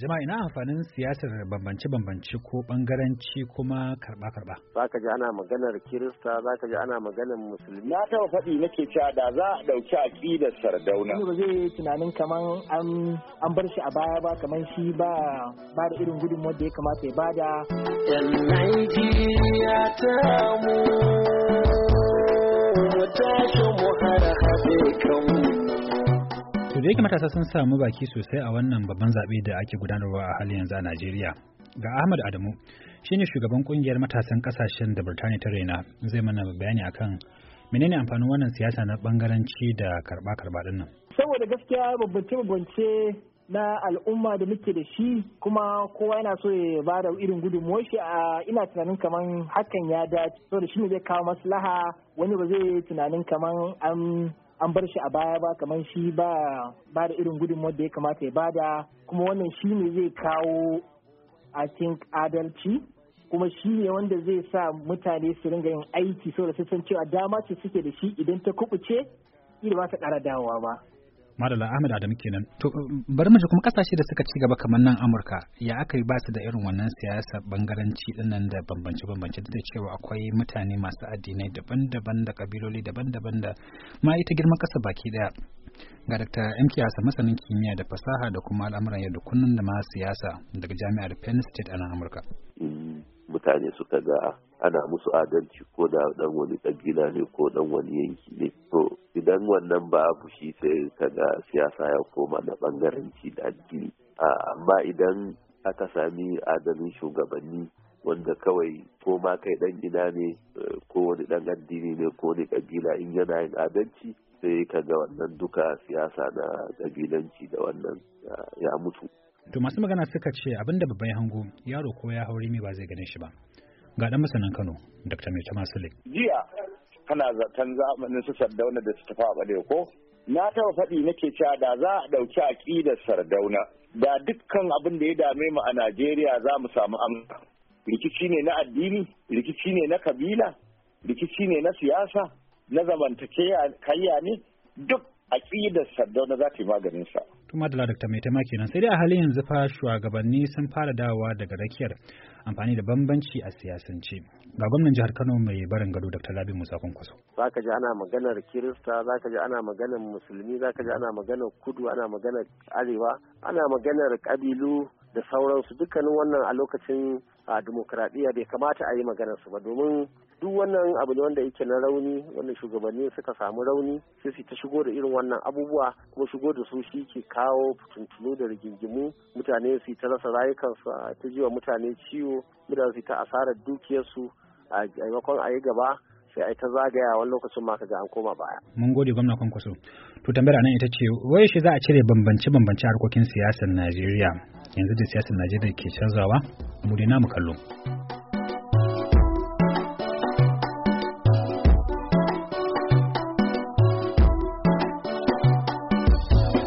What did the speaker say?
Jama'a ina amfanin siyasar bambance-bambance ko bangaranci kuma karba-karba. Za ka ji ana maganar Kirista, za ka ji ana maganar Musulmi. Na taɓa faɗi nake cewa da za a ɗauki aƙidar Sardauna. Ba zai yi tunanin kamar an bar shi a baya ba kamar shi ba ba da irin gudunmawar da ya kamata ya bada. Yan da yake matasa sun samu baki sosai a wannan babban zaɓe da ake gudanarwa a halin yanzu a Najeriya. Ga Ahmad Adamu shi ne shugaban kungiyar matasan kasashen da Birtaniya ta raina zai mana bayani a kan menene amfanin wannan siyasa na bangaranci da karba karba din nan. Saboda gaskiya babbance babbance na al'umma da muke da shi kuma kowa yana so ya ba da irin gudunmuwar shi a ina tunanin kaman hakan ya dace saboda shi ne zai kawo maslaha wani ba zai tunanin kaman an an bar shi a baya ba kamar shi ba da irin gudunmawar da ya kamata ya bada kuma wannan shi ne zai kawo a think adalci kuma shi ne wanda zai sa mutane su ringa yin aiki saboda su san cewa dama ce suke da shi idan ta kubuce ba ta ƙara dawowa ba Madala Ahmed Adam kenan. To bari mu ji kuma kasashe da suka ci gaba kamar nan Amurka ya aka yi basu da irin wannan siyasa bangaranci din nan da bambance bambance da cewa akwai mutane masu addinai daban-daban da kabiloli daban-daban da ma ita girman kasa baki daya. Ga Dr. MK Kiyasa masanin kimiyya da fasaha da kuma al'amuran yau da da ma siyasa daga Jami'ar Penn State a nan Amurka. mutane suka ga ana musu adalci ko da dan wani kabila ne ko dan wani yanki ne to idan wannan ba shi sai ka ga siyasa ya koma na ci da addini amma idan aka sami adalin shugabanni wanda kawai ko ma kai dan gida ne eh, ko wani dan addini ne ko wani kabila in yana yin adalci sai ka ga wannan duka siyasa na kabilanci da wannan eh, ya mutu To masu magana suka ce abinda babban hango yaro ko ya hauri mai ba zai gane shi ba. Ga dan masanin Kano, Dr. Mai Tama Sule. Jiya kana zaton zamanin su Sardauna da su tafa bade ko? Na taba faɗi nake cewa da za a ɗauki aƙidar Sardauna. Da dukkan abin da ya dame mu a Najeriya za mu samu amsa. Rikici ne na addini, rikici ne na kabila, rikici ne na siyasa, na zamantakewa kayya ne, duk aƙidar Sardauna za ta yi maganin sa. kuma da Dr. Maitama kenan sai dai a halin yanzu fa shugabanni sun fara dawowa daga rakiyar amfani da bambanci a siyasance ga gwamnan jihar Kano mai barin gado Dr. Labi Musa Kwankwaso zaka ji ana maganar Kirista ka ji ana maganar musulmi zaka ji ana maganar kudu ana maganar arewa ana maganar kabilu da sauransu dukkanin wannan a lokacin a dimokuraɗiyya bai kamata a yi su ba domin duk wannan abu ne wanda yake na rauni wanda shugabanni suka samu rauni sai su ta shigo da irin wannan abubuwa kuma shigo da su shi ke kawo fitintunu da rigingimu mutane su ta rasa rayukansu a ta jiwa mutane ciwo mutane su ta asarar dukiyarsu a maimakon a yi gaba sai a ta zagaya wani lokacin ma ga an koma baya. Mun gode gwamna kwankwaso. To tambayar nan ita ce wai shi za a cire bambance-bambance harkokin siyasar Najeriya yanzu da siyasar najeriya ke canzawa mu dai namu kallo